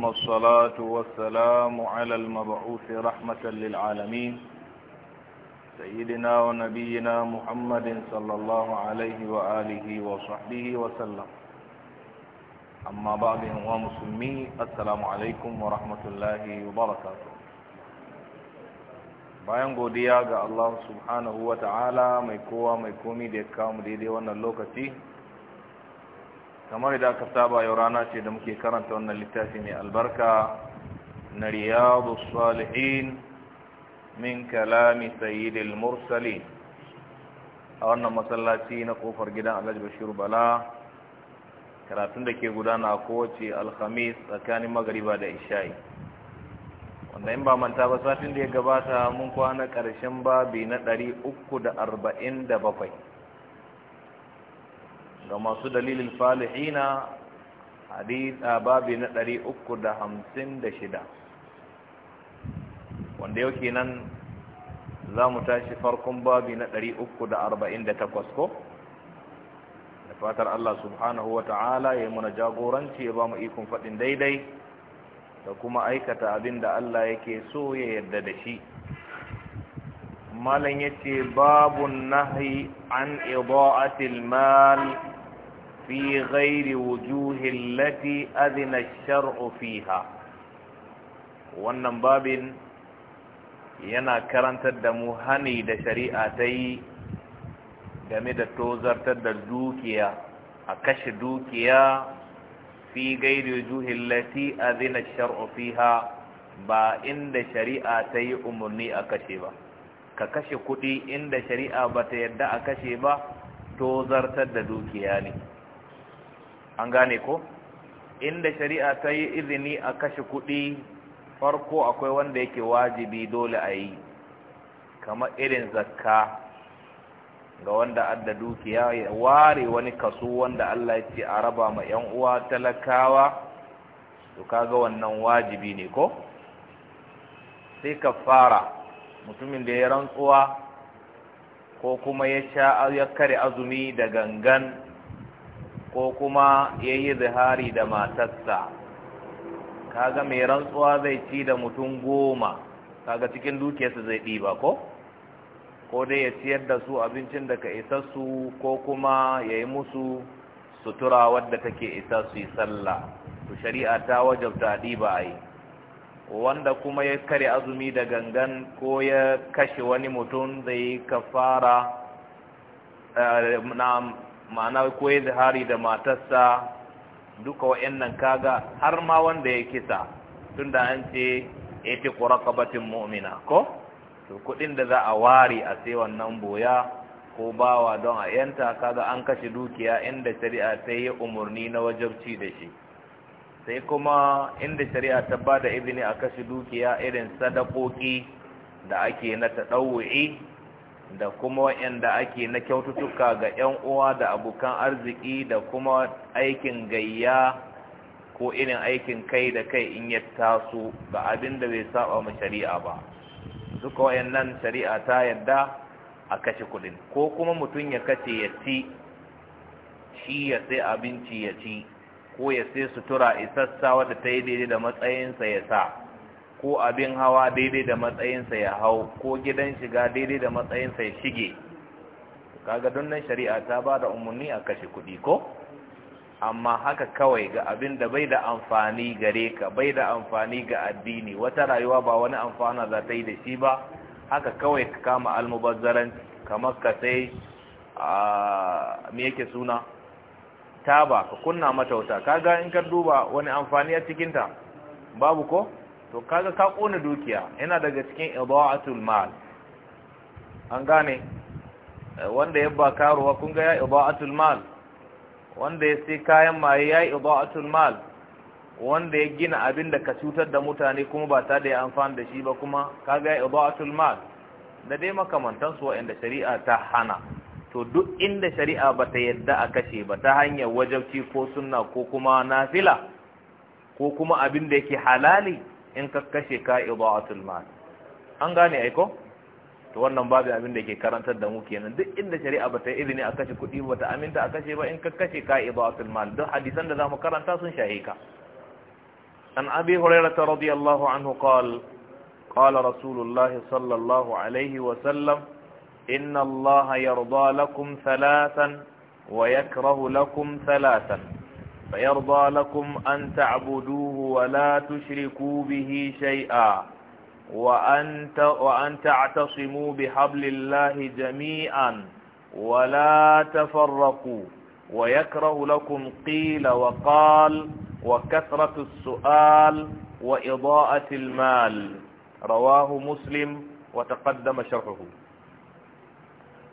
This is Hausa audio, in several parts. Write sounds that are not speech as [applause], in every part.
ثم الصلاة والسلام على المبعوث رحمة للعالمين سيدنا ونبينا محمد صلى الله عليه وآله وصحبه وسلم أما بعد هو مسلمي السلام عليكم ورحمة الله وبركاته bayan godiya ga Allah subhanahu wa ta'ala mai kowa mai komi da ya kawo daidai wannan lokaci kamar da aka saba yau rana ce da muke karanta wannan littafi mai albarka na riyadu salihin min kalami sayyidil mursali a wannan masallaci na kofar gidan alhaji bashir bala karatun da ke gudana a kowace alhamis tsakanin magariba da isha'i wanda in ba manta ba satin da ya gabata mun kwana karshen babi na 347 ga masu dalilin falihina haditha babi na ɗari uku da hamsin da shida wanda yau kenan za mu tashi farkon babi na ɗari uku da arba'in da takwas ko da fatar Allah subhanahu wa ta'ala ya yi mana jagoranci ya ba mu ikon faɗin daidai da kuma aikata abin da Allah yake so ya yarda da shi malam yace ce babun nahi an iba'atil mal في غير وجوه التي أذن الشرع فيها wannan babin yana karantar da mu hani da shari'a ta yi game da tozartar da dukiya a kashe dukiya fi gairi juhin lati a zina shar'u ba inda shari'a ta yi umarni a kashe ba ka kashe kuɗi inda shari'a ba ta yadda a kashe ba tozartar da dukiya ne an gane ko inda shari'a ta yi izini a kashe kuɗi farko akwai wanda yake wajibi dole a yi kamar irin zakka ga wanda adda dukiya ya ware wani kaso wanda Allah ya ce a raba ma 'yan uwa talakawa to kaga wannan wajibi ne ko sai kafara mutumin da ya rantsuwa ko kuma ya sha ya kare azumi da gangan ko kuma ya yi zihari da matarsa kaga mai rantsuwa zai ci da mutum goma kaga cikin dukiyarsa zai ɗiba ko ko dai ya ciyar da su abincin da ka isa su ko kuma ya yi musu sutura wadda take isa su yi sallah to shari'a ta wajabta ɗiba a yi wanda kuma ya kare azumi da gangan ko ya kashe wani mutum zai kafara eh, na ma'ana ko ya zahari da matarsa duka wa'annan kaga har ma wanda ya kisa tun da an ce ya fi mu'mina ko to kuɗin da za a ware a sai wannan boya ko bawa don a yanta kaga an kashe dukiya inda shari'a ta yi umarni na wajabci da shi sai kuma inda shari'a ta ba da izini a kashe dukiya irin sadakoki da ake na ɗauwa'i da kuma wa'anda ake na kyaututtuka ga 'yan uwa da abokan arziki da kuma aikin gayya ko irin aikin kai da kai in ya taso ga abin da bai saba mu shari'a ba duka wa'annan shari'a ta yadda a kashe kudin ko kuma mutum ya kace ya ci shi ya sai abinci ya ci ko ya sai sutura isassa wadda ta yi daidai da matsayinsa ya sa ko abin hawa daidai da matsayinsa ya hau ko gidan shiga daidai da matsayinsa ya shige kaga nan shari'a ta ba da umarni a kashe kuɗi ko amma haka kawai ga abin da bai da amfani gare ka bai da amfani ga addini wata rayuwa ba wani amfana za ta yi da shi ba haka kawai ka kama almubazzaran kamar ka sai me yake suna taba ka kunna mata wuta kaga in ka duba wani amfani a cikinta babu ko to kaga ka kona dukiya yana daga cikin ibaatul mal an gane eh, wanda ya ba karuwa kun ga ya ibaatul mal wanda ya sai kayan maye ya ibaatul mal wanda ya gina abin da ka cutar da mutane kuma ba ta da ya amfani da shi ba kuma kaga ya ibaatul mal da dai su waɗanda shari'a ta hana to duk inda shari'a ba ta yadda a kashe ba ta hanyar wajabci ko sunna ko kuma nafila ko kuma abin da yake halali in ka kashe ka idaatul mal an gane aiko to wannan babu abin da ke karantar da mu kenan duk inda shari'a ba ta izini a kashe kuɗi ba ta aminta a kashe ba in ka kashe ka idaatul mal duk hadisan da zamu karanta sun shahe ka an abi hurairah radiyallahu anhu qala قال رسول الله صلى الله عليه وسلم إن lakum يرضى ويكره لكم ثلاثا فيرضى لكم أن تعبدوه ولا تشركوا به شيئا وأن, وأن تعتصموا بحبل الله جميعا ولا تفرقوا ويكره لكم قيل وقال وكثرة السؤال وإضاءة المال رواه مسلم وتقدم شرحه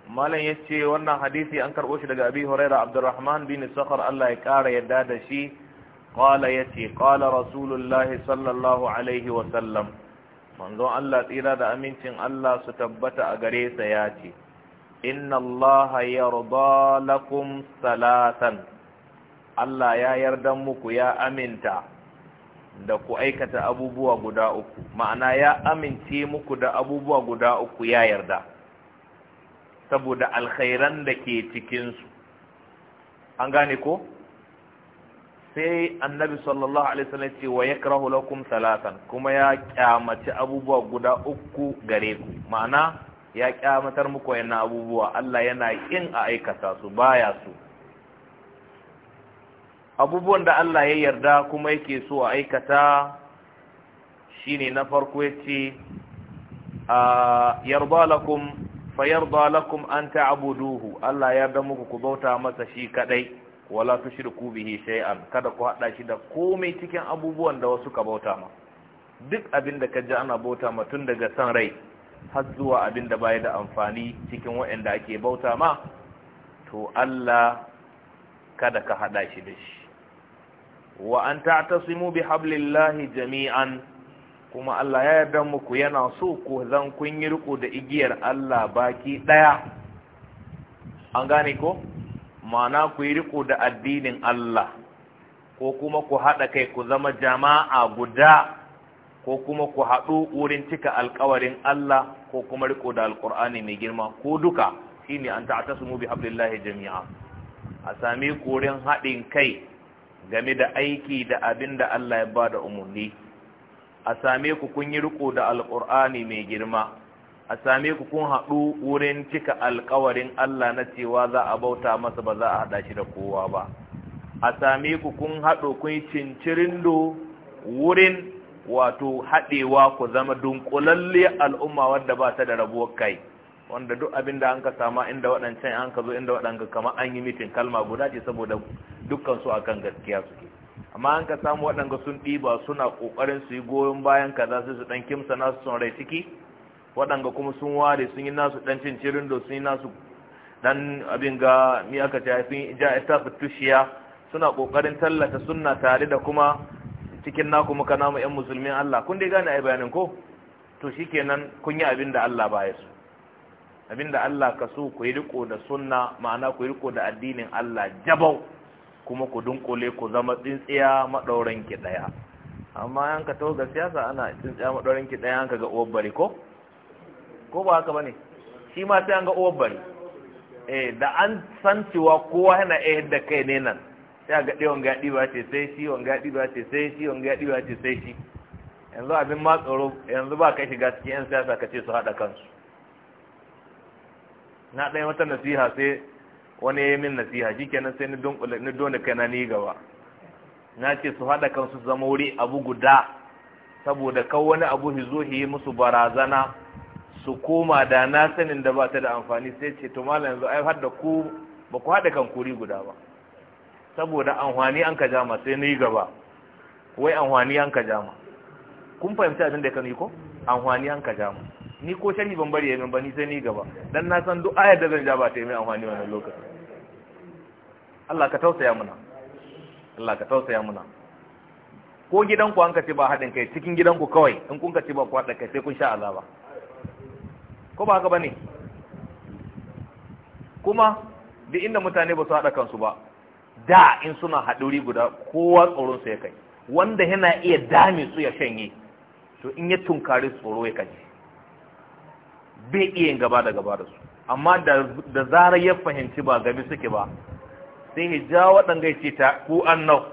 malam ya ce wannan hadisi an karɓo shi daga abi huraira abdurrahman bin sakhar Allah ya ƙara yadda da shi qala yace qala rasulullahi sallallahu alaihi wa sallam manzon Allah tsira da amincin Allah su tabbata a gare sa ya ce inna Allah yarda lakum salatan Allah ya yarda muku ya aminta da ku aikata abubuwa guda uku ma'ana ya amince muku da abubuwa guda uku ya yarda saboda alkhairan da ke cikinsu an gane ko sai annabi sallallahu alaihi wasallam ce wa yakrahu lakum salatan kuma ya kyamaci abubuwa guda uku gare ku ma'ana ya kyamatar muku wayannan abubuwa Allah yana kin a aikata su baya su abubuwan da Allah ya yarda kuma yake so a aikata shine na farko yace a yarda lakum fayarda lakum an ta'buduhu Allah ya damu muku ku bauta masa shi kadai wala tushriku bihi shay'an kada ku hada shi da komai cikin abubuwan da wasu ka bauta ma duk abin da ji ana bauta ma tun daga san rai har zuwa abinda da baya da amfani cikin waɗanda ake bauta ma to Allah kada ka hada shi da shi wa an ta'tasimu bihablillahi jami'an kuma Allah ya yarda muku yana so ku zan kun yi riko da igiyar Allah baki daya an gane ko ma'ana ku yi riko da addinin Allah ko kuma ku haɗa kai ku zama jama'a guda ko kuma ku haɗu wurin cika alkawarin Allah ko kuma riko da alkur'ani mai girma ko duka shine an mu bi hablillahi jami'a a sami kurin haɗin kai game da aiki da abin da Allah ya ba da umarni a same ku kun yi riko da alƙur'ani mai girma a same ku kun haɗu wurin cika alƙawarin Allah na cewa za a bauta masa ba za a haɗa shi da kowa ba a same ku kun haɗo kun cincirin do wurin wato haɗewa ku zama dunkulalle al'umma wadda ba ta da rabuwar kai wanda duk abin da an ka sama inda waɗancan an ka zo inda waɗanka kama an yi mitin kalma guda ce saboda dukkan su akan gaskiya suke amma an ka samu waɗanda sun ɗiba suna ƙoƙarin su yi goyon bayan ka sai su ɗan kimsa nasu su rai ciki waɗanda kuma sun ware sun yi nasu ɗan cirin da sun yi nasu ɗan abin ga ni aka ce haifin ja ita tushiya suna ƙoƙarin tallata sunna tare da kuma cikin naku muka namu ƴan musulmin Allah kun dai gane yi bayanin ko to kenan kun yi abin da Allah baya su abin da Allah ka so ku yi riko da sunna ma'ana ku yi riko da addinin Allah jabau kuma ku dunkule ku zama tsintsiya maɗauran ki ɗaya amma yan ka taho ga siyasa ana tsintsiya maɗauran ki ɗaya an ka ga uwar bari ko ko ba haka bane shi ma sai an ga uwar bari eh da an san cewa kowa yana iya yadda kai ne nan sai a ga wanga yaɗi ba ce sai shi wanga yaɗi ba ce sai shi wanga yaɗi ba ce sai shi yanzu abin ma tsoro yanzu ba ka shiga cikin yan siyasa ka ce su haɗa kansu na ɗaya wata nasiha sai wani ya yi min nasiha shi kenan sai ni dole na ni gaba na ce su haɗa kansu zama wuri abu guda saboda kawo wani abu zo yi musu barazana su koma da na sanin da ba ta da amfani sai ce to malam yanzu ai har da ku ba ku haɗa kan kuri guda ba saboda amfani an ka jama sai ni gaba wai amfani an ka jama kun fahimci abin da ya kanu ko amfani an ka jama ni ko sharhi ban bari yayin ba ni sai ni gaba dan na san duk ayar da zan ja ba ta yi mai amfani wannan lokacin Allah ka tausaya muna Allah ka tausaya muna ko gidanku an ka ce ba haɗin kai cikin gidanku kawai in kun ka ce ba ku hada kai sai kun sha azaba ko ba haka bane kuma duk inda mutane ba su haɗa kansu ba da in suna haduri guda kowa tsoron su ya kai wanda yana iya dame su ya shanye to in ya tunkari tsoro ya kai bai iya yin gaba da gaba da su amma da zarar ya fahimci ba gabi suke ba sai ya ja waɗanda ce ta ku annau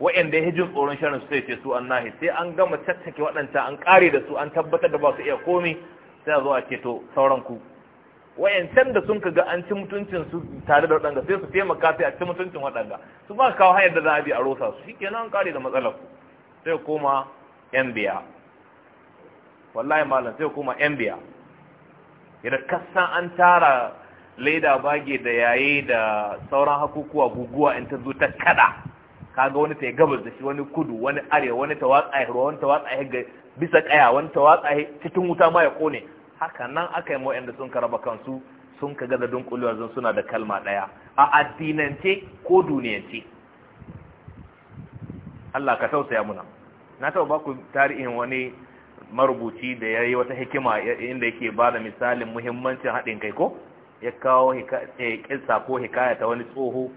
waɗanda ya jin tsoron shirin su sai ce su an nahi sai an gama caccake waɗanda an ƙare da su an tabbatar da ba su iya komi sai a zo a ceto sauran ku wayancan da sun ga an ci mutuncin su tare da waɗanda sai su taimaka sai a ci mutuncin waɗanda su ba kawo hanyar da za a bi a rosa su kenan an ƙare da matsalar ku sai koma yan biya wallahi malam sai kuma yan biya ka kasan an tara leda bage da yaye da sauran hakukuwa guguwa in ta zo ta kada kaga wani ta yi gabas da shi wani kudu wani arewa wani ta tawatsa ruwa wani ta tawatsa ga bisa kaya wani ta tawatsa cikin wuta ma ya kone haka nan aka yi ma'yan da sun karaba kansu sun kaga da dunkulewa zan suna da kalma daya a addinance ko duniyance Allah ka tausaya muna na taɓa baku tarihin wani marubuci da ya yi wata hikima inda yake ba da misalin muhimmancin haɗin kai ko ya kawo eh, ƙinsa ko hikaya ta wani tsoho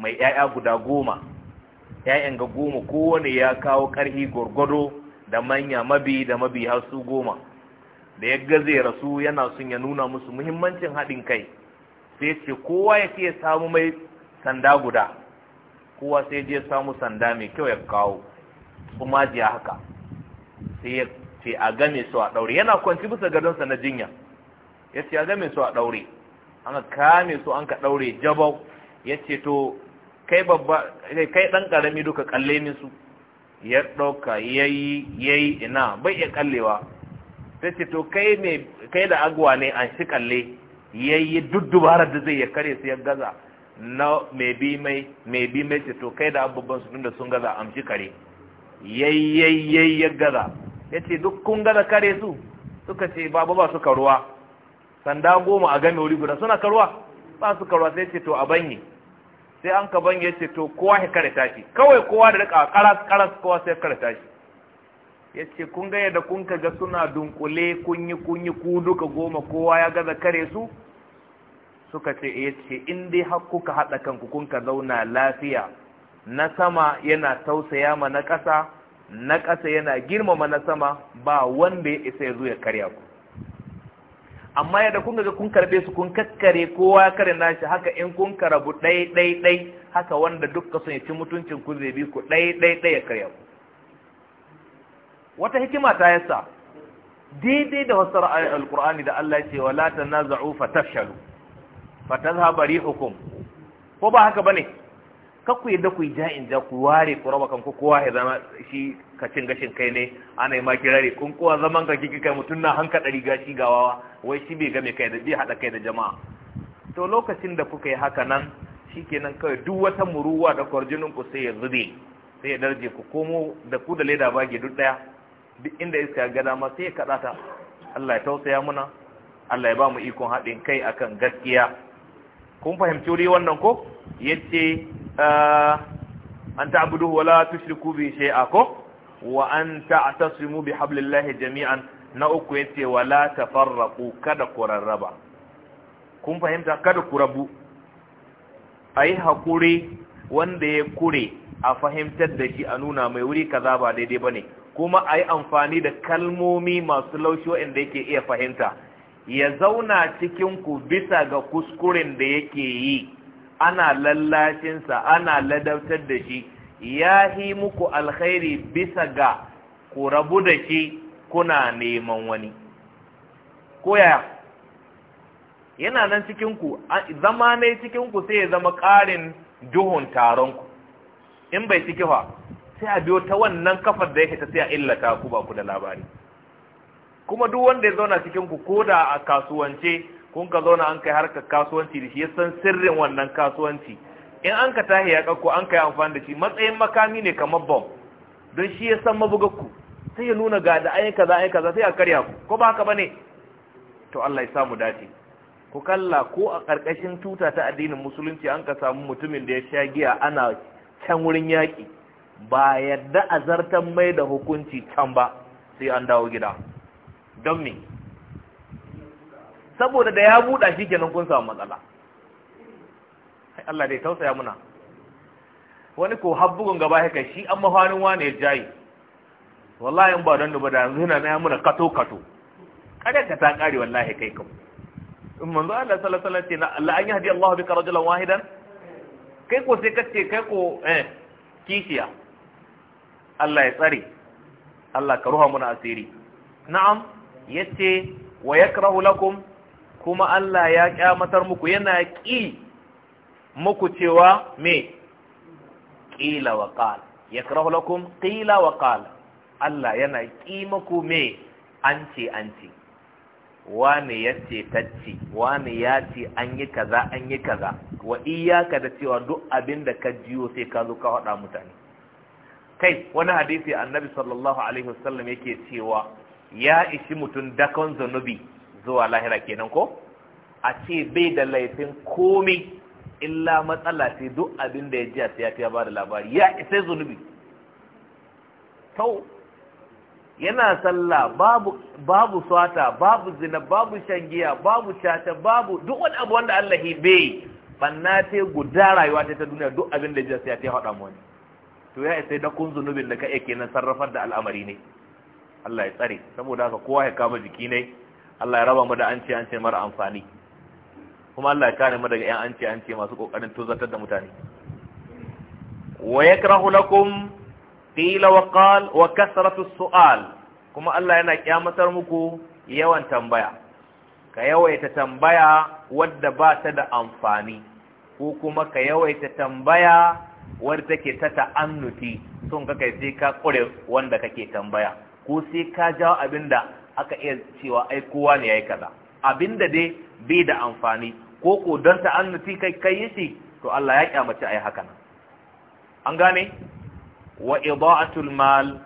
mai ‘ya'ya guda goma ‘ya'yan ga goma kowane ya kawo ƙarfi gwargwado da manya mabi da mabi har su goma da ya gaze rasu yana sun ya nuna musu muhimmancin haɗin kai sai ce kowa ya ce samu mai sanda guda kowa sai je samu sanda mai kyau ya kawo kuma ji haka sai ya ce a game su a daure yana kwanci bisa gadonsa na jinya ya ce a game su a daure an kame su an ka daure jabau ya ce to kai babba kai dan karami duka kalle min su ya ɗauka ya yi ina bai iya ƙallewa ta ce to kai kai da agwa ne an shi ya yi dubara da zai ya kare su ya gaza na mai bi mai mai bi mai ce to kai da abubuwan su da sun gaza shi kare yayi yayi ya gaza ya ce duk kun gada kare su suka ce babu ba su karuwa sanda goma a game wuri guda suna karuwa ba su karuwa sai ce to a banye sai an ka banye ce to kowa ya kare tashi kawai kowa da rika karas karas kowa sai kare tashi ya ce kun ga yadda kun ka ga suna dunkule kunyi kunyi ku duka goma kowa ya gaza kare su suka ce eh, ya ce in dai har kuka haɗa kanku kun ka zauna lafiya na sama yana tausaya ma na ƙasa na ƙasa yana girmama na sama ba wanda ya isa ya zo ya karya ku amma yadda kun ga kun karbe su kun kakkare kowa ya kare nashi haka in kun karabu ɗai ɗai ɗai haka wanda dukka sun ci mutuncin ku zai bi ku ɗai ɗai ɗai ya karya ku wata hikima ta yasa daidai da wasu ra'ayin alkur'ani da Allah ce wala tanaza'u fatafshalu fatazhaba rihukum ko ba haka bane kakwai da ku yi ja'in ja ku ware ku raba kanku kowa ya zama shi kacin gashin kai ne ana yi maki rare kun kowa zaman ka kika kai mutum na hanka ɗari gashi gawawa wai shi bai game kai da bai haɗa kai da jama'a to lokacin da kuka yi haka nan shi nan kawai duk wata muruwa da kwarjinin ku sai ya zube sai ya darje ku komo da ku da leda bage duk ɗaya duk inda iska ga dama sai ya kaɗa ta Allah ya tausaya muna Allah ya ba mu ikon haɗin kai akan gaskiya kun fahimci wuri wannan ko yace an abudu wala tushriku bi shay'a ako wa an ta'tasimu bi hablillahi jami'an na uku yace wala tafarraqu kada ku kun fahimta kada ku rabu hakuri wanda ya kure a fahimtar da shi a nuna mai wuri kaza ba daidai bane kuma ayi amfani da kalmomi masu laushi wanda yake iya fahimta ya zauna cikin ku bisa ga kuskuren da yake yi ana lallashinsa ana ladabtar da shi ya yi muku alkhairi bisa ga ku rabu da shi kuna neman wani koya yana nan cikinku zama ne cikinku sai ya zama ƙarin juhun taronku in bai ciki fa sai a biyo ta wannan kafar da yake ta sai a illata ku ba ku da labari kuma duk wanda ya zauna cikinku ko da a kasuwance kun ka zauna an kai harkar kasuwanci da shi ya san sirrin wannan kasuwanci in an ka tahi ya ƙarko an kai amfani da shi matsayin makami ne kamar bom don shi ya san mabugar ku. sai ya nuna ga da ayyuka za ayyuka za sai a karya ku ko ba haka bane to Allah ya samu dace ku kalla ko a karkashin tuta ta addinin musulunci an ka samu mutumin da ya sha giya ana can wurin yaki ba yadda azartan mai da hukunci can ba sai an dawo gida don me saboda da ya buɗa shi kenan kun samu matsala Allah dai tausaya muna wani ko habbugun gaba haka shi an mafarin wani ya jayi wallahi in ba don da ba da yanzu yana na muna kato kato kada ka ta kare wallahi kai kam in manzo Allah sallallahu alaihi wasallam ce Allah an yahdi Allah bika rajulan wahidan kai ko sai kace kai ko eh kishiya Allah ya tsare Allah ka ruha muna asiri na'am yace wa yakrahu lakum kuma Allah ya kyamatar muku yana ƙi muku cewa me ƙila wa ƙala ya lakum ƙila wa ƙala Allah yana ƙi muku me an ce an ce Wani ya ce tacci Wani ya ce an yi kaza an yi kaza wa iyaka da cewa duk abin da ka jiyo sai ka zo ka faɗa mutane kai wani hadisi annabi sallallahu alaihi wasallam yake cewa ya ishi mutum dakon zanubi zuwa lahira kenan ko a ce bai da laifin komai illa matsala ce duk abin da ya ji a siyasa ya ba labari ya isai zunubi tau yana sallah babu babu swata babu zina babu shangiya babu chata babu duk wani abu wanda Allah ya bai banna guda rayuwa ta duniya duk abin da ya sai ya hada mu ne to ya isa da kun zunubin da ka yake nan sarrafar da al'amari ne Allah ya tsare saboda haka kowa ya kama jiki ne Allah ya raba mu da an ce an ce mara amfani kuma Allah ya kare mu daga ƴan an ce masu kokarin tuzartar da mutane wa yakrahu lakum qila wa qal wa kasratu su'al kuma Allah yana kyamatar muku yawan tambaya ka yawaita tambaya wadda ba ta da amfani ko kuma ka yawaita tambaya wadda take ta ta'annuti sun ka kai sai ka kure wanda kake tambaya ko sai ka jawo abinda aka iya cewa ai kowa ne yayi kaza abinda dai bai da amfani ko ko ta ka kai kai shi to Allah ya kyamace ai haka nan an gane wa ida'atul mal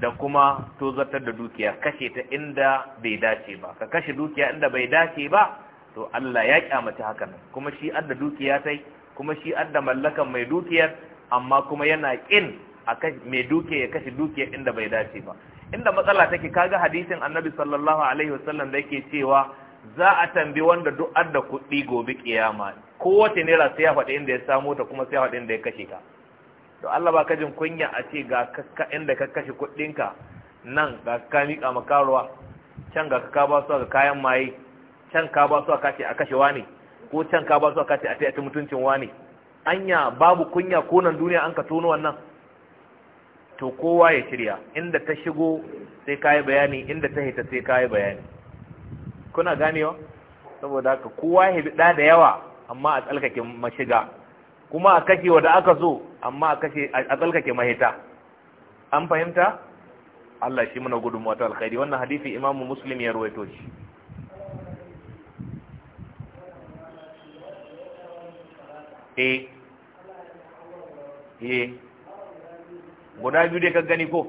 da kuma tozartar da dukiya kashe ta inda bai dace ba ka kashe dukiya inda bai dace ba to Allah ya kyamace haka nan kuma shi adda dukiya sai kuma shi adda mallakan mai dukiyar amma kuma yana kin akan mai dukiya ya kashe dukiya inda bai dace ba inda matsala take kaga hadisin annabi sallallahu alaihi wasallam da yake cewa za a tambi wanda duk da kuɗi gobe kiyama kowace naira sai ya faɗi inda ya samu ta kuma sai ya faɗi inda ya kashe ka to Allah ba ka jin kunya a ce ga kakka inda ka kashe ka nan ga ka miƙa ruwa can ga ka ba su ga kayan maye can ka ba su ka ce a kashe wani ko can ka ba su ka ce a ta mutuncin wani anya babu kunya ko nan duniya an ka tono wannan to kowa ya shirya inda ta shigo sai kayi bayani inda ta hita sai kayi bayani kuna ganewa saboda haka kowa ya hibida da yawa amma a tsalkake mashiga kuma a kashe wanda aka so amma a kashe a tsalkake mahita an fahimta Allah shi muna gudun wata alkhairi wannan hadisi imamu muslim ya ruwaito shi eh eh guda biyu dai ka gani ko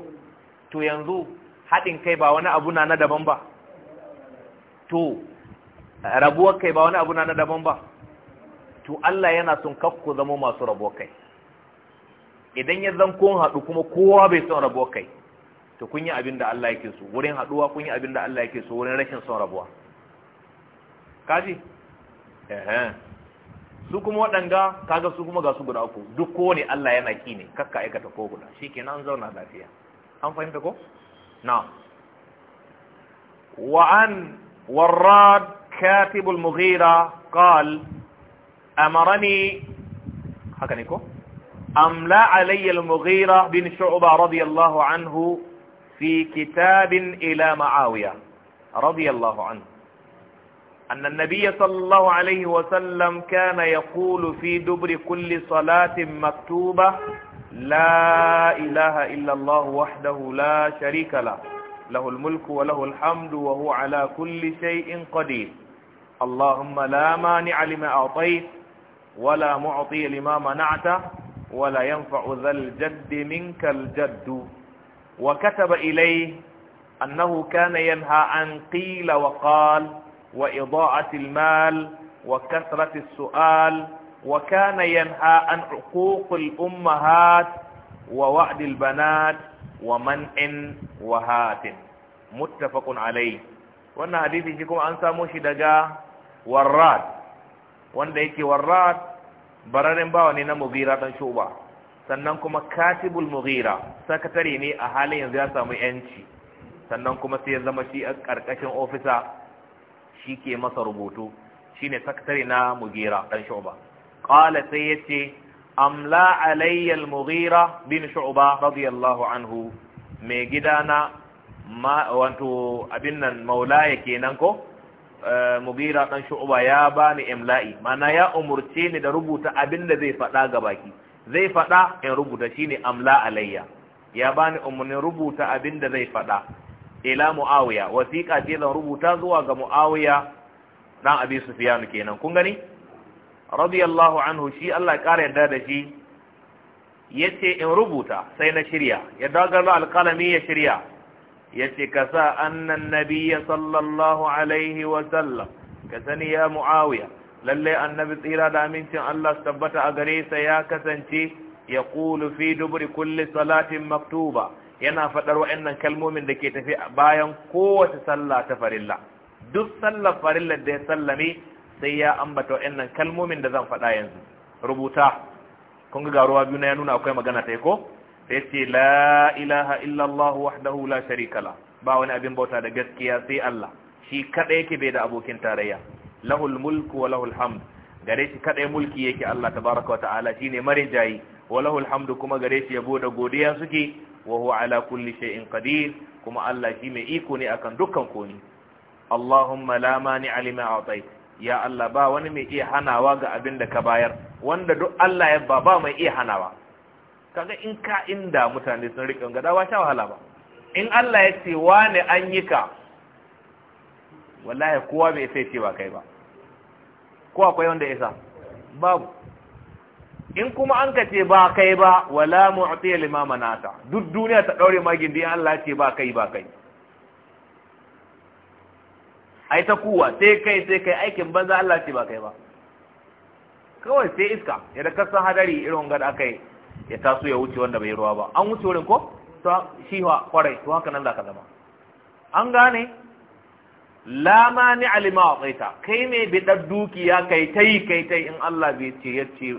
to yanzu haɗin kai ba wani abu na na daban ba to rabuwar kai ba wani abu na na daban ba to Allah yana son kakku zama masu rabuwar kai idan ya zan kun haɗu kuma kowa bai son rabuwar kai to kun yi abin da Allah yake so wurin haɗuwa kun yi abin da Allah yake so wurin rashin son rabuwa kaji ehem su kuma waɗanga kaga su kuma ga su guda uku duk kowane Allah yana ki ne kakka aikata ko guda shikenan an zauna lafiya an fahimta ko na wa an warrad katib al-mughira qal amarani haka ne ko amla alayya mughira bin shu'ba radiyallahu anhu fi kitabin ila ma'awiya radiyallahu anhu أن النبي صلى الله عليه وسلم كان يقول في دبر كل صلاة مكتوبة لا إله إلا الله وحده لا شريك له له الملك وله الحمد وهو على كل شيء قدير اللهم لا مانع لما أعطيت ولا معطي لما منعت ولا ينفع ذا الجد منك الجد وكتب إليه أنه كان ينهى عن قيل وقال وإضاعة المال وكثرة السؤال وكان ينهى عن عقوق الأمهات ووعد البنات ومنع وهات متفق عليه وأن حديثي شكم أن ساموشي دقا وراد وأن ديكي وراد برارن باونينا مغيرة شوبا sannan kuma katibul mughira sakatare ne a halin yanzu ya samu yanci sannan kuma sai ya zama shi a ƙarƙashin ofisa shi ke masa rubutu Shi ne sakatare na mugira ɗan shu'uba qala sai ce, amla alayyar mugira bin shu'ba radiyallahu anhu mai gida na wato abin nan maulaya kenan ko eh, mugira ɗan shu'uba ya bani imla'i mana ya umurce ni da rubuta abin da zai faɗa ga baki zai faɗa in rubuta Shi ne amla alayya ya bani umurnin rubuta abin da zai faɗa ila muawiya wasiqa ce zan rubuta zuwa ga muawiya dan abi sufyan kenan kun gani radiyallahu anhu shi Allah ya kara yarda da shi yace in rubuta sai na shirya ya dagalo alqalami ya shirya yace kasa annan nabiyya sallallahu alaihi wa sallam kasani ya muawiya lalle annabi tsira da amincin Allah tabbata a gare sa ya kasance ya qulu fi dubri kulli salatin maktuba yana faɗar wa'annan kalmomin da ke tafi bayan kowace sallah ta farilla duk sallar farillar da ya sallame sai ya ambata wa'annan kalmomin da zan faɗa yanzu rubuta kun ga garuwa biyu na ya nuna akwai magana ta ko sai ce la ilaha illallah wahdahu la sharika la ba wani abin bauta da gaskiya sai Allah shi kada yake bai da abokin tarayya lahul mulku wa lahul hamd gare shi kadai mulki yake Allah tabaraka wa ta'ala shine marinjayi wa lahul kuma gare shi yabo da godiya suke wa huwa ala kulli shay'in qadir kuma Allah shi mai iko ne akan dukkan komi Allahumma la mani alima atai ya Allah ba wani mai iya hanawa ga abin da ka bayar wanda duk Allah ya ba ba mai iya hanawa kaga in ka inda mutane sun rike ga dawa sha wahala ba in Allah ya ce wani an yi ka wallahi kowa bai sai ce ba kai ba Kowa akwai wanda ya babu in kuma an ka ce ba kai ba wala mu'tiya limama ta duk duniya ta daure magindi Allah ce ba kai ba kai ai ta kuwa sai kai sai kai aikin banza Allah ce ba kai ba kawai sai iska idan ka san hadari irin gada akai ya taso ya wuce wanda bai ruwa ba an wuce wurin ko to shi wa kwarai to haka nan zaka zama an gane la mani alima wa kai ne bi dukiya kai tai kai tai in Allah bai ce ce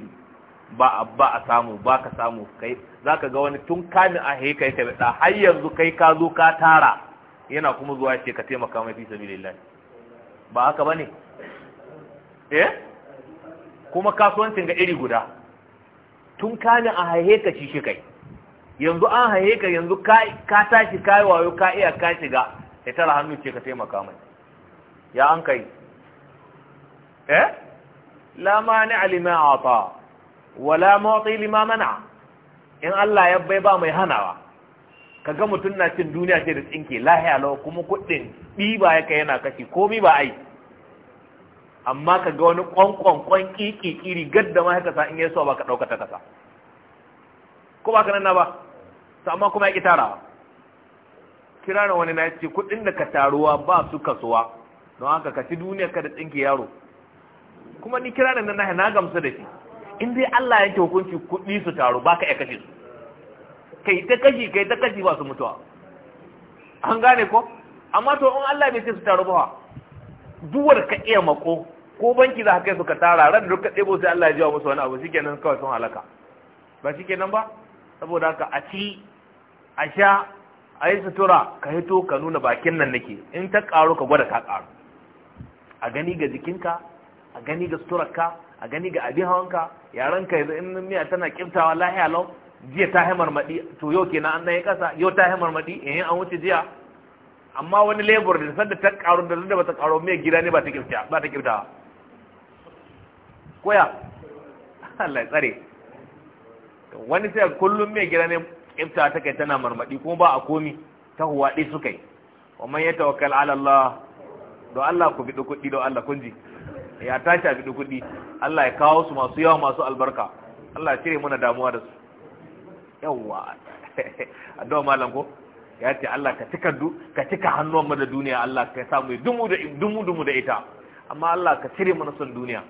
ba ba a samu ba ka samu kai za ka ga wani tun kami a he kai ka da har yanzu kai ka zo ka tara yana kuma zuwa ce ka taimaka mai fi sabilillah ba haka ne? eh kuma kasuwancin ga iri guda tun kami a haihe ka ci shi kai yanzu an haihe ka yanzu ka tashi yi wayo ka iya ka shiga ya tara hannu ce ka taimaka mai ya an kai eh la mani alima ata wala mawatsi lima mana in Allah ya bai ba mai hanawa ka ga mutum na cin duniya ce da tsinke lahiya lawa kuma kuɗin ba ya kai yana kashi komi ba ai amma ka ga wani ƙwan-ƙwan-ƙwan ƙiƙi ƙiri gadda ma haka sa in yaso ba ka ɗauka ta kasa ko ba ka nan ba to amma kuma ya ƙi tarawa kira na wani na ce kuɗin da ka taruwa ba su kasuwa don haka ka ci duniya ka da tsinke yaro kuma ni kira da nan na gamsu da shi in dai Allah ya yanke hukunci kuɗi su taru baka ya kashe su kai ta kashi kai ta kashi ba su mutuwa an gane ko amma to in Allah bai ce su taru ba duwar ka iya mako ko banki za ka kai su ka tara ran duka ɗebo sai Allah ya jiwa musu wani abu shikenan kawai sun halaka ba shikenan ba saboda haka a ci a sha a yi sutura ka hito ka nuna bakin nan nake in ta karu ka gwada ka karu a gani ga jikinka a gani ga suturarka a gani ga abin hawanka yaran ka yanzu in miya tana kiftawa lahiya lau jiya ta haimar maɗi to yau kenan an ɗaya ƙasa yau ta haimar maɗi eh an wuce jiya amma wani lebur da sanda ta ƙaru da ba ta ƙaru mai gida ne ba ta kifta ba ta koya Allah tsare wani sai kullum mai gida ne kifta ta kai tana marmaɗi kuma ba a komi ta huwaɗe su yi wa man ya tawakkal ala Allah don Allah ku bi kuɗi don Allah kun ji ya tashi a bidu kuɗi Allah ya kawo su masu yawa masu albarka Allah cire muna damuwa da su yawa [laughs] addu'a malam ko ya ce Allah ka cika du ka cika hannuwan mu da duniya Allah ka sa mu dumu da dumu dumu da ita amma Allah ka cire mana son duniya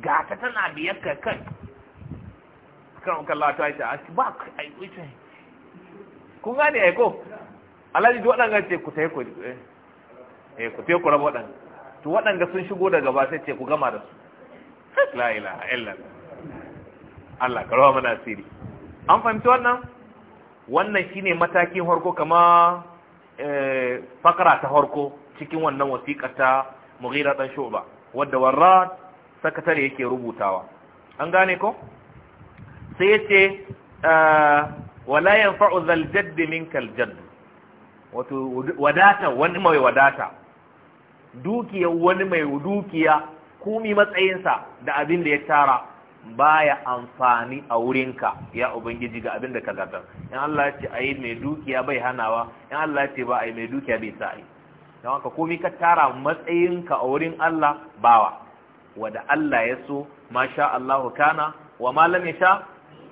ga ta tana biyar ka kan kan Allah ta aisha a ah, ba ai yi kun gane aiko alhaji duk waɗanda ce ku ta ku eh, eh ku ta ku raba waɗannan. to waɗanda sun shigo daga ba sai ce ku gama da su la ilaha illa Allah ka rawa mana asiri an fahimci wannan wannan shine matakin harko kama eh, fakara ta harko cikin wannan wasiƙa ta mughira ɗan shuba wadda warra sakatare yake rubutawa an gane ko sai yace eh, wala yanfa'u zal minkal jadd wato wadata wani mai wadata dukiyar wani mai dukiya kumi matsayinsa da abin da ya tara baya amfani a wurinka ya ubangiji ga abin da ka gatar in Allah ya ce ayi mai dukiya bai hanawa in Allah ya ce ba ayi mai dukiya bai sa ayi don haka komai ka tara matsayinka a wurin Allah bawa wanda Allah ya so masha Allahu kana wa ma lam yasha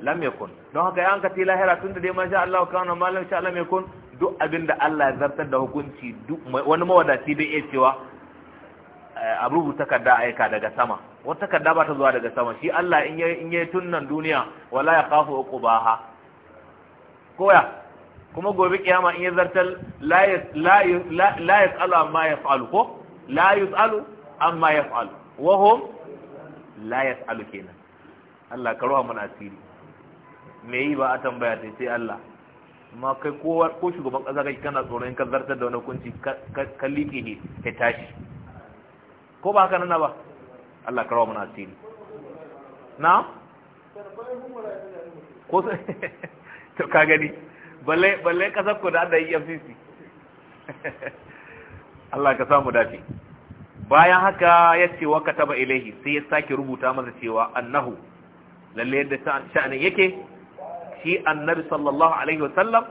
lam yakun don haka yan ka tilahira lahira tun da dai masha Allahu kana ma lam yasha lam yakun duk abin da Allah ya zartar da hukunci wani mawadaci bai iya cewa eh, a rubuta takarda aika daga sama wata takarda ba ta zuwa daga sama shi Allah in yi tunan duniya wala ya uku ba ha koya kuma gobe kiyama in ya zartar la la yasalu amma yafalu ko la alu amma ya wa waho la alu kenan Allah ka roha mana asiri me yi ba a tambaya sai Allah amma kai kowa ko shugaban kasa kai kana tsoron ka zartar da wani hukunci ka liƙe ne ka tashi ko ba haka nana ba Allah karawa mana asiri na ko sai [laughs] to ka gani balle balle kasar ku da da e FCC [laughs] Allah ka samu dace bayan haka ya ce wa kataba ilaihi sai ya sake rubuta masa cewa annahu lalle yadda sha'anin yake shi annabi sallallahu alaihi wasallam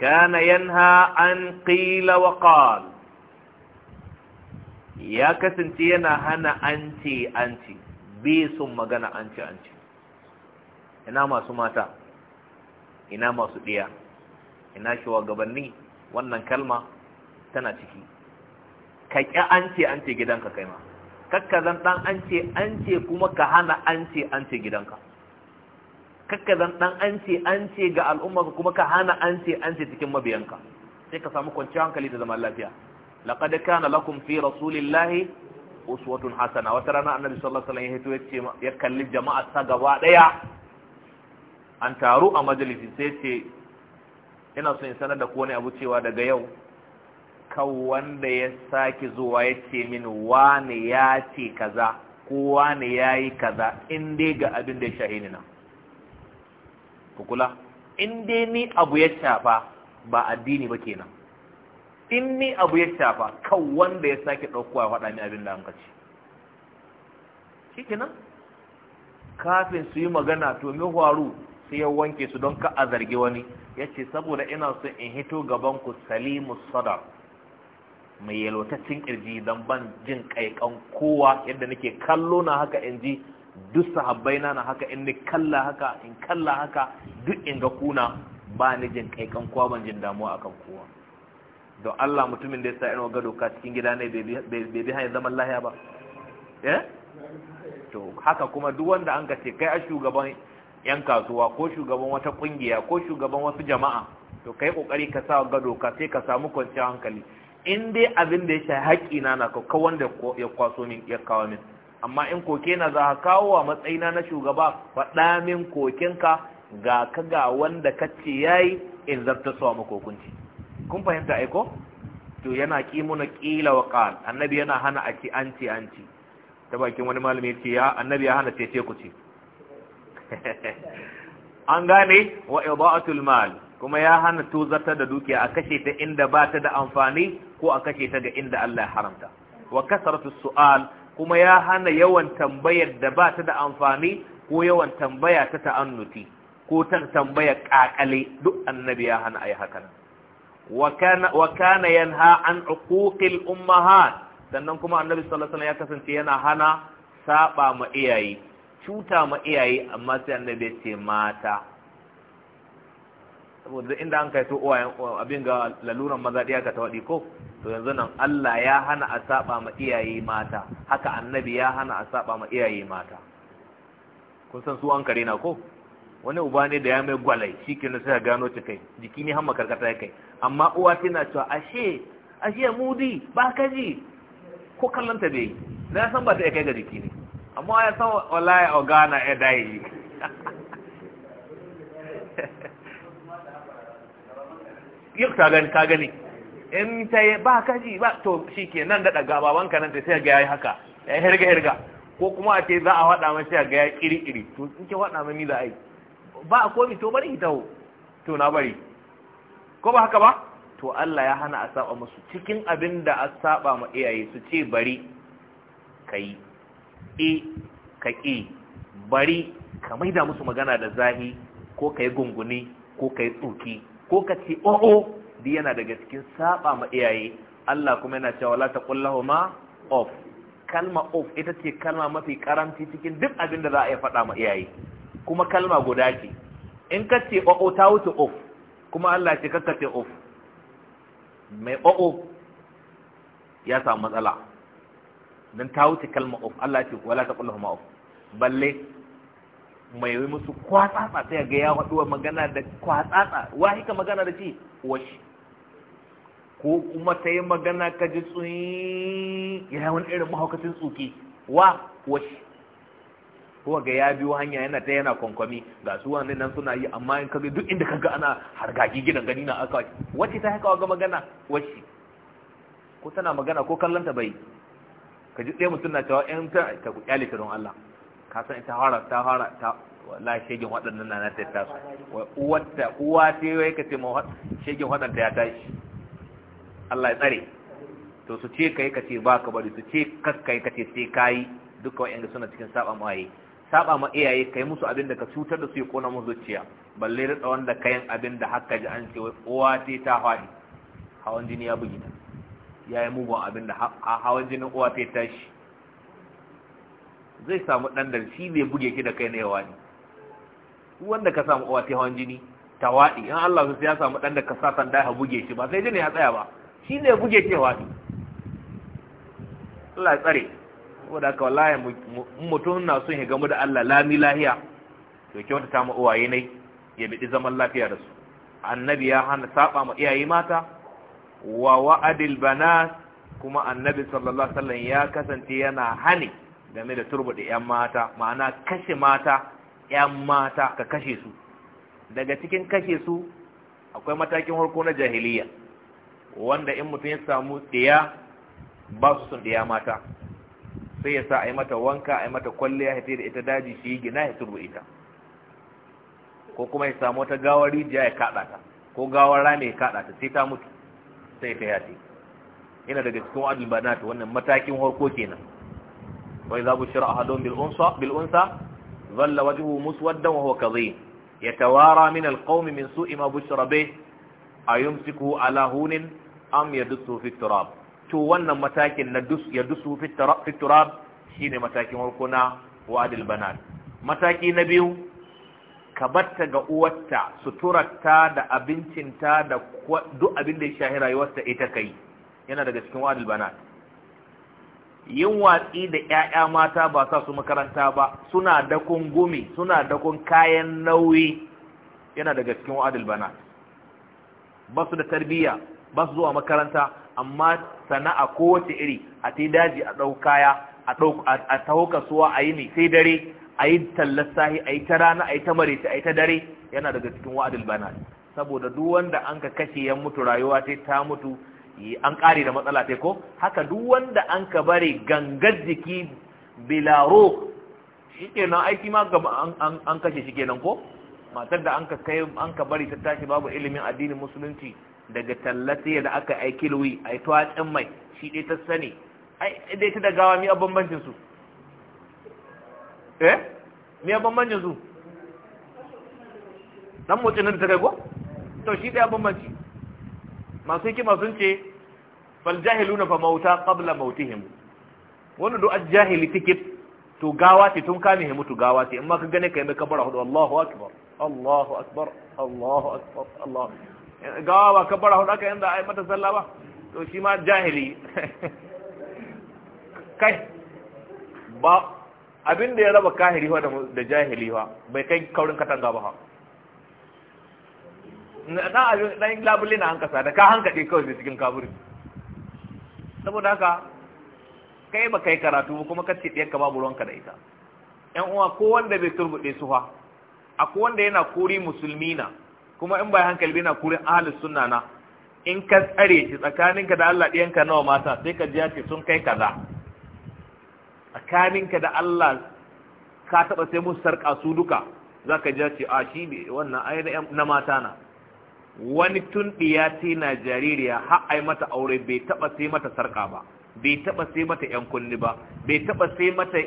kana yanha an qila wa qal ya kasance yana hana an ce an ce bai sun magana an ce an ce ina masu mata ina masu ɗiya ina shugabanni wannan kalma tana ciki ka ƙi an ce an ce gidanka kai ma kakkazan ɗan an ce an ce kuma ka hana an ce an ce gidanka kakka zan dan an ce an ce ga al'umma kuma ka hana an ce cikin mabiyanka sai ka samu kwanciyar hankali da zaman lafiya laqad kana lakum fi rasulillahi uswatun hasana wata rana annabi sallallahu alaihi wasallam ya ya kalli jama'a ta gaba daya an taru a majalisi sai ce ina so in sanar da ku wani abu cewa daga yau kan wanda ya saki zuwa ya ce min wane ya ce kaza ko wane ya yi kaza in dai ga abin da ya shahini na ku kula in dai ni abu ya shafa ba addini ba kenan in ni abu ya shafa kan wanda ya sake ɗaukowa ya faɗa ni abin da an kaci shi kenan kafin su yi magana to mi faru sai ya wanke su don ka a zargi wani ya ce saboda ina so in hito gaban ku salimu sadar mai yalwataccen kirji don ban jin kaikan kowa yadda nake kallo na haka in ji duk sahabbai na haka in ni kalla haka in kalla haka duk in ga kuna ba ni jin kan kowa ban jin damuwa akan kowa don Allah mutumin da ya sa ga doka cikin gida ne bai bi hanyar zaman lahiya ba eh to haka kuma duk wanda an ce kai a shugaban yan kasuwa ko shugaban wata kungiya ko shugaban wasu jama'a to kai kokari ka sa ga doka sai ka samu kwanciyar hankali in dai abin da ya shafi haƙi na ka wanda ya kwaso min ya kawo min amma in koke na za ka kawo a matsayina na shugaba faɗa min kokenka ga ka ga wanda ya yayi in zarta a makokunci kun fahimta aiko to yana muna kila wa ƙal annabi yana hana a ci an ci an ci ta bakin wani malami ce ya annabi ya hana tece ku ce [laughs] an gane wa ida'atul mal kuma ya hana tozarta da dukiya a kashe ta inda ba ta da amfani ko a kashe ta ga inda Allah ya haramta wa kasaratu su'al kuma ya hana yawan tambayar da ba ta da amfani ko yawan tambaya ta ta'annuti ko ta tambaya kakale duk annabi ya hana ayi hakan wa kana wa kana yanha an uquqil ummahat sannan kuma annabi sallallahu alaihi wasallam ya kasance yana hana saba ma iyaye cuta ma iyaye amma sai annabi ya ce mata saboda inda an kai to uwayen abin ga laluran maza ɗaya ka tawaɗi ko to yanzu nan Allah ya hana a saba ma iyaye mata haka annabi ya hana a saba ma iyaye mata kun san su an kare na ko wani uba ne da ya mai gwalai shi ke na sai gano ta kai jiki ne hamma karkata ya kai amma uwa tana cewa ashe ashe mudi ba ka ji ko kallanta bai na san ba ta ya kai ga jiki ne amma ya san wallahi ogana ya eh, dai [laughs] yau ka gani ka gani in ta yi ba ka ji ba to shi ke nan daɗa gabawan ka nan ta sai ga ya yi haka ya yi hirga hirga ko kuma a ce za a waɗa mai sai ga ya yi iri iri to in ke waɗa mai ni za a yi ba a komi to bari ita to na bari ko ba haka ba to Allah ya hana a saba musu cikin abin da a saba ma iyaye su ce bari ka yi e ka ƙi bari ka da musu magana da zahi ko ka yi gunguni ko ka yi tsoki ko ka ce o'o oh, oh, duk yana daga cikin saba ma iyaye Allah kuma yana cewa la taqul ma of kalma of ita ce kalma mafi karanci cikin duk abin da za a yi faɗa ma iyaye kuma kalma guda ce in ka ce o'o oh, ta wuce of kuma Allah ce ka ce of mai o'o ya samu matsala dan ta wuce kalma of Allah ce wala taqul ma of balle mai yi musu kwatsatsa sai ga ya faɗuwa magana da kwatsatsa wahi ka magana da ce washi ko kuma ta yi magana ka ji tsuyi ya wani irin mahaukacin tsuki wa washi ko ga ya biyo hanya yana ta yana kwankwami ga su wani nan suna yi amma in kaga duk inda kaga ana hargagi gidan gani na aka wacce ta haka ga magana wacce ko tana magana ko kallon ta bai ka ji ɗaya mutum na cewa ƴan ta ku kyale ta don Allah ka san ita fara ta fara ta la shegin waɗannan na na ta su uwata uwa ce wai ka ce ma shegin waɗanta ya tashi Allah ya tsare to su ce kai ka ce ba ka bari su ce kakkai ka ce sai yi duka wa'anda suna cikin saba maye saba ma iyaye kai musu abin da ka cutar da su ya kona musu zuciya balle da tsawon da kayan abin da haka ji an ce uwa ce ta haɗi hawan jini ya bugi ta ya yi mugun abin da hawan jinin uwa ta tashi zai samu ɗan da shi zai buge ki da kai na yawa ne wanda ka samu uwa ta hawan jini tawaɗi in Allah su ya samu ɗan da ka sa sanda ya buge shi ba sai jini ya tsaya ba shi ne buge ki yawa Allah ya tsare aka haka wallahi mutum na son ya gamu da Allah lami lahiya to kyauta ta mu uwaye ne ya bidi zaman lafiya da su annabi ya hana saba ma iyaye mata wa wa'adil banat kuma annabi sallallahu alaihi wasallam ya kasance yana hani game da turbuɗe 'yan mata ma'ana kashe mata 'yan mata ka kashe su daga cikin kashe su akwai matakin harko na jahiliya wanda in mutum ya samu ɗiya ba su sun ɗiya mata sai ya sa a yi mata wanka a yi mata kwalliya ya da ita daji shi gina ya turbo ita ko kuma ya samu wata gawar rijiya ya kaɗa ko gawar rami ya kaɗa sai ta mutu sai ta ina daga cikin wa'adul banat wannan matakin harko kenan وإذا بشر أحدهم بالأنثى بالأنثى ظل وجهه مسودا وهو كظيم يتوارى من القوم من سوء ما بشر به أيمسكه على هون أم يدسه في التراب تو wannan matakin na dus ya dusu fi turab shine matakin farko na wadil mataki na biyu ka ga uwarta suturarta da abincinta da duk abin da ya shahi rayuwarta ita kai yana daga cikin wadil yin watsi da ƴaƴa mata ba sa su makaranta ba suna dakon gumi suna dakon kayan nauyi yana daga cikin wa'adul bana ba su da tarbiyya ba su zuwa makaranta amma sana'a kowace iri a ta daji a ɗau kaya a taho kasuwa a yi ne sai dare a yi tallar sahi a yi ta rana a yi ta mare a yi ta dare yana daga cikin wa'adul bana saboda duk wanda an ka kashe ya mutu rayuwa ta mutu an ƙare da matsala sai ko haka duk wanda an ka bare gangar jiki bilaro shi aiki ma gaba an kashe shi ko matar da an ka kai an ka bari ta tashi babu ilimin addinin musulunci daga tallace da aka aiki luwi a yi tuwatsin mai shi ɗai ta sani ai dai ta da gawa miya bambancin su eh miya bambancin su dan motsin da ta kai ko to shi ɗaya bambanci masu hikima sun ce fal jahiluna fa mauta qabla mautihim wannan du'a jahili tikit to gawa ce tun kame himu to gawa ce amma ka gane kai mai kabara hudu Allahu akbar Allahu akbar Allahu akbar Allahu gawa ba kabara hudu aka yanda ai mata sallah ba to shi ma jahili [laughs] kai ba abin da ya raba kahiri da jahili wa bai kai kaurin katanga ba ha dan abin dan labule na hankasa da ka hankali kawai zai cikin kaburi saboda haka kai ba kai karatu kuma ka ce ɗiyarka babu ruwanka da ita ƴan uwa ko wanda bai turbuɗe su a ko wanda yana kuri musulmi na kuma in bai hankali bai na kurin ahlus sunna na in ka tsare shi tsakaninka da Allah ɗiyanka nawa mata sai ka ji ce sun kai kaza tsakaninka da Allah ka taɓa sai musu sarƙa su duka za ka ji ce a shi ne wannan ai na mata na wani tun ɗiya ce na jaririya har ai mata aure bai taɓa sai mata sarƙa ba bai taɓa sai mata yan kunni ba bai taɓa sai mata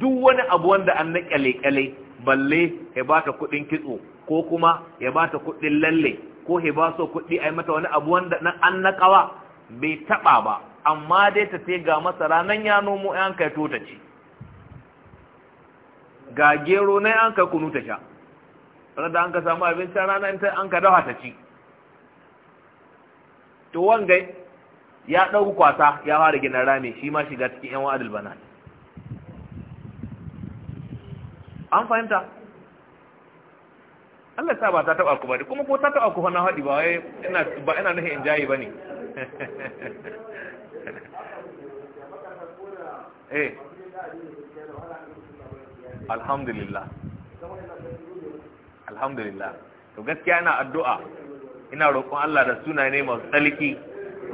duk wani abu wanda an na kyale-kyale balle ya ba ta kuɗin kitso ko kuma ya ba ta kuɗin lalle ko ya ba so kuɗi ai mata wani abu wanda an na ƙawa bai taɓa ba amma dai ta ce ga masa ranar ya nomo yan kai to ta ci ga gero na yan kai kunu ta sha da an ka samu abincin rana in an ka dawa ta ci to wanga ya ɗau kwasa ya fara gina rami shi ma shiga cikin yan wa'adul bana an fahimta Allah sa ba ta taɓa ku ba kuma ko ta taɓa ku na haɗi ba wai ba ina nufin in jayi ba ne [laughs] eh alhamdulillah alhamdulillah to gaskiya na addu'a ina roƙon Allah da suna ne masu tsalki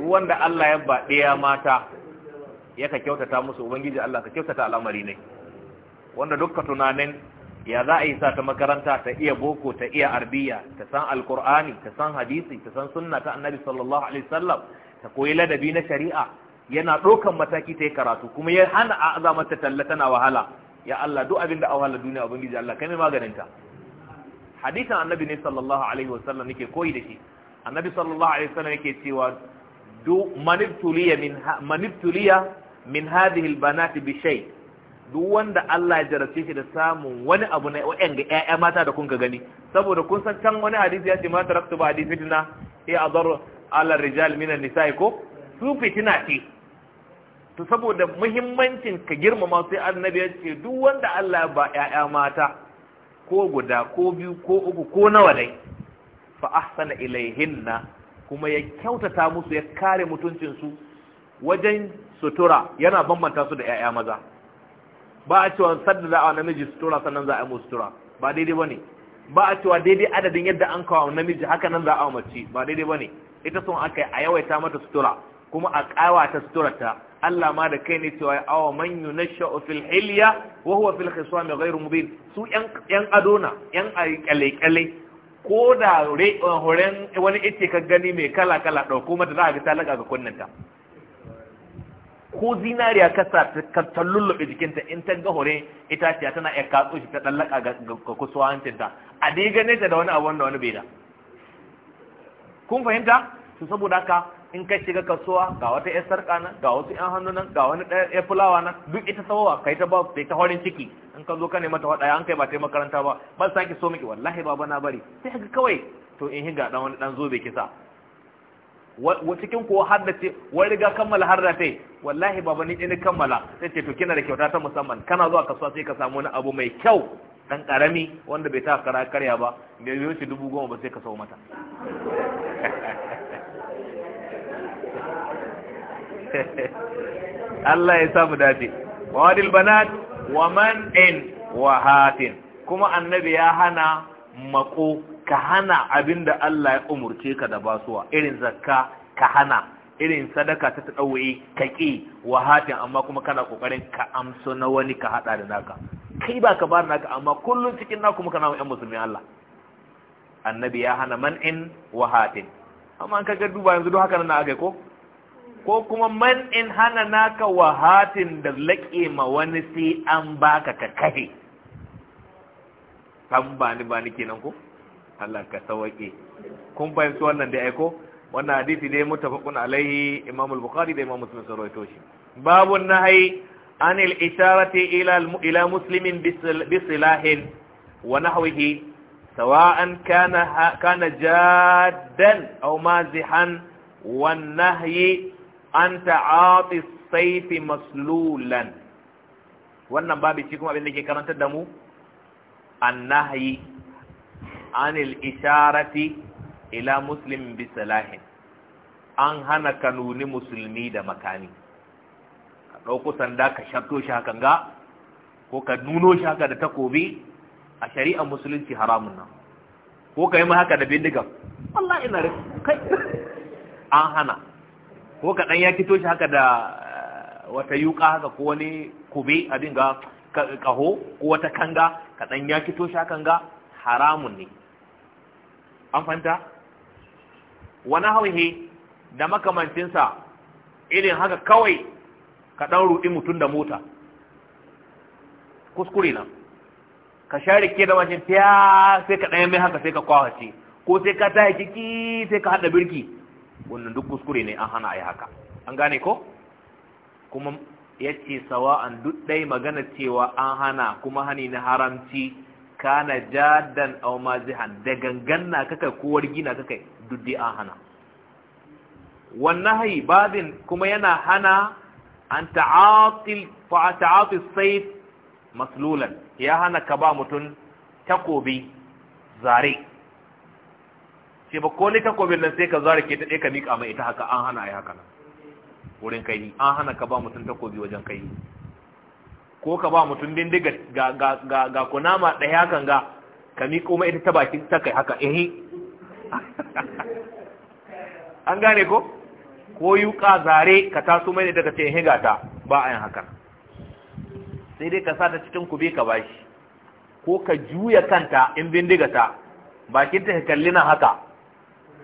wanda Allah ya ba ɗaya mata ya ka kyautata musu ubangiji Allah ka kyautata al'amari ne wanda dukka tunanin ya za a yi sa ta makaranta ta iya boko ta iya arbiya ta san alkur'ani ta san hadisi ta san sunna ta annabi sallallahu alaihi wasallam ta koyi ladabi na shari'a yana ɗaukan mataki ta yi karatu kuma ya hana a azamar ta talla tana wahala ya Allah duk abin da a wahala duniya ubangiji Allah kai mai maganin ta hadisin annabi ne sallallahu alaihi wasallam yake koyi da shi annabi sallallahu alaihi wasallam yake cewa du manibtuliya min manibtuliya min hadhihi albanati bi shay duk wanda Allah ya jarace shi da samun wani abu na wa'anga ƴaƴa mata da kun ka gani saboda kun san can wani hadisi ya ce ma taraktu ba hadisi fitna ya eh, adaru ala rijal min an-nisa'i ko su fitina ce to saboda muhimmancin ka girmama sai annabi ya ce duk wanda Allah ba ƴaƴa mata ko guda ko biyu ko uku ko nawa dai fa ahsana ilaihinna kuma ya kyautata musu ya kare mutuncin su wajen sutura yana bambanta su da 'ya'ya maza ba a cewa sadda za a namiji sutura sannan za a yi sutura ba daidai bane ba a cewa daidai adadin yadda an kawo namiji haka nan za a mace ba daidai bane ita sun aka a yawaita mata sutura kuma a ta ta Allah ma da kai ne cewa awa man yunashsha'u fil hiliya wa huwa fil mai gairu mubin su yan yan adona yan ayyale kale ko da eh, horen wani ice ka gani mai kala kala ɗauko mata za ga talaka ga ta ko zinariya ka sa ta tallulluɓe jikinta in ta ga hore itaciya tana iya katso shi ta ɗallaka ga kusurwa ta a dai ganin ta da wani abu wanda wani bai da kun fahimta su saboda haka in ka shiga kasuwa ga wata yar sarka nan ga wasu yan hannu nan ga wani ɗaya fulawa nan duk ita sawowa kai ta ba kai ta horin ciki in ka zo ka nema ta wadaya an kai ba ta makaranta ba ba sake so miki wallahi baba na bari sai ga kawai to in hinga dan wani dan zobe kisa wa cikin da haddace wa riga kammala har haddace wallahi baba ni ni kammala sai ce to kina da kyauta ta musamman kana zuwa kasuwa sai ka samu wani abu mai kyau dan karami wanda bai ta kara karya ba bai yi dubu goma ba sai ka sau mata [laughs] [laughs] Allah ya samu dace wadil banat wa man'in wa hatin kuma annabi ya hana mako ka hana abinda Allah ya umurce ka da basuwa irin zakka ka hana irin sadaka ta tsawaye ka ki wa hatin amma kuma kana kokarin ka amso na wani ka hada da naka kai ba ka bar naka amma kullun cikin naku kuma kana ƴan musulmi Allah annabi ya hana man'in wa hatin amma an kaga duba yanzu duk haka nan aka ko ko kuma man in hana naka wahatin da laƙe ma wani sai an baka ka kahe san ba ni ba ni kenan ko Allah ka sawaƙe kun fahimci wannan da aiko wannan hadisi dai mutafaqun alaihi Imam al-Bukhari da Imam Muslim sun rawaito shi babu nahyi an al-isharati ila ila muslimin bi silahin wa nahwihi sawa'an kana كان jaddan aw mazihan wan an ta'ati saifi maslulan wannan babu shi kuma abin da ke karantar da mu annahyi anil isharati ila muslim bi an hana kanuni musulmi da makani ka ɗauko sanda ka shakto shi hakan ga ko ka nuno shi haka da takobi a shari'ar musulunci haramun nan ko ka yi ma haka da bindiga Allah ina kai [laughs] an hana ko kaɗan ya kito shi haka da eh, wata yuka haka ko wani kube abin ga ƙaho ko wata kanga ka ya kito shi hakan ga haramun ne an fanta wani hauhe da makamancinsa irin haka kawai ka ruɗi rudi mutum da mota kuskure na ka share ke da mashin fiya sai ka ɗaya mai haka sai ka kwawace ko sai ka tahi kiki sai ka haɗa birki wannan duk kuskure ne an hana a yi haka an gane ko kuma ya ce sawa duk ɗai magana cewa an hana kuma hani na haramci kana jadan au mazihan da ganganna kaka kowar gina kaka duk dai an hana wannan hayi babin kuma yana hana an ta'atil fa ta'atil maslulan ya hana ka ba mutum takobi zare ce ba ko ne takobin nan sai ka zara ke ta ɗaya ka miƙa mai ita haka an hana yi haka nan wurin kai an hana ka ba mutum takobi wajen kai ko ka ba mutum bindiga ga ga ga ga kunama ɗaya hakan ga ka miƙo mai ita ta bakin ta kai haka ehi an gane ko ko yuka zare ka taso mai daga ce eh gata ba a yin hakan sai dai ka sa ta cikin kube ka bashi ko ka juya kanta in bindiga ta bakin ta kalli na haka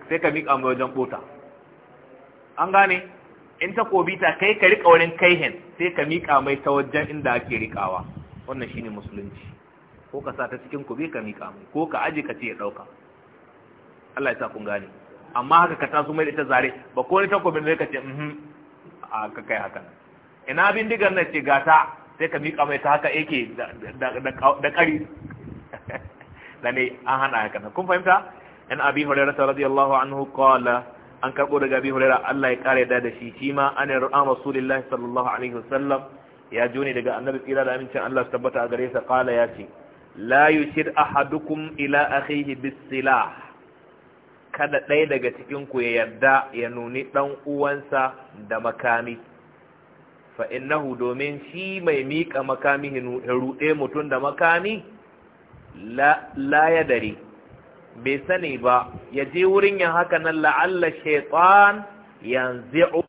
sai ka miƙa mai wajen ɓota. an gane in ta kobita kai ka riƙa wurin kaihen sai ka miƙa mai ta wajen inda ake riƙawa wannan shine musulunci ko ka sa ta cikin kube ka miƙa mai ko ka aji ka ce ya ɗauka Allah ya sa kun gane amma haka ka taso mai da ita zare ba ko ni ta kobin ne ka ce mhm a ka kai haka ina bindigar na ce gata sai ka miƙa mai ta haka yake da ƙari da [laughs] ne an hana haka kun fahimta an abi hurairah radiyallahu anhu qala an karbo daga abi hurairah Allah ya kare da shi shi ma an ra'a rasulullahi sallallahu alaihi wasallam ya jone daga annabi tsira da amincin Allah su tabbata a gare sa qala ya ce la yushir ahadukum ila akhihi bis kada ɗaya daga cikin ku ya yarda ya nuni ɗan uwansa da makami fa innahu domin shi mai mika makami ya rude mutum da makami la la ya dare bai sani ba ya je wurin ya haka nan la'alla shaitan yanzu